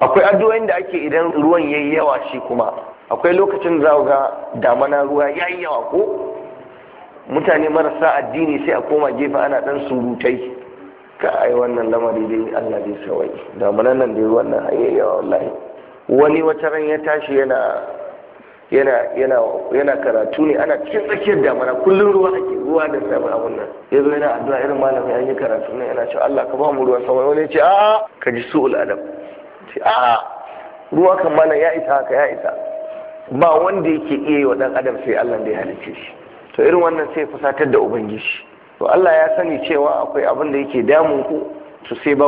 akwai addu'o'in da ake idan ruwan yayi yawa shi kuma akwai lokacin za ga damana ruwa yayi yawa ko mutane marasa addini sai a koma gefe ana dan surutai ka ai wannan lamari dai Allah dai sawai damanan nan dai ruwan nan yayi yawa wallahi wani wata ran ya tashi yana yana yana yana karatu ne ana cikin tsakiyar damana kullum ruwa ake ruwa da samun abun nan yazo yana addu'a irin malamin an yi karatu ne yana cewa Allah ka ba mu ruwa sama wani ya ce a'a ka ji su'ul adab ce a ruwa kan ya isa haka ya isa ba wanda yake iya yi wa ɗan adam sai Allah da ya halicce shi to irin wannan sai fusatar da ubangiji to Allah ya sani cewa akwai abin da yake damun ku to sai ba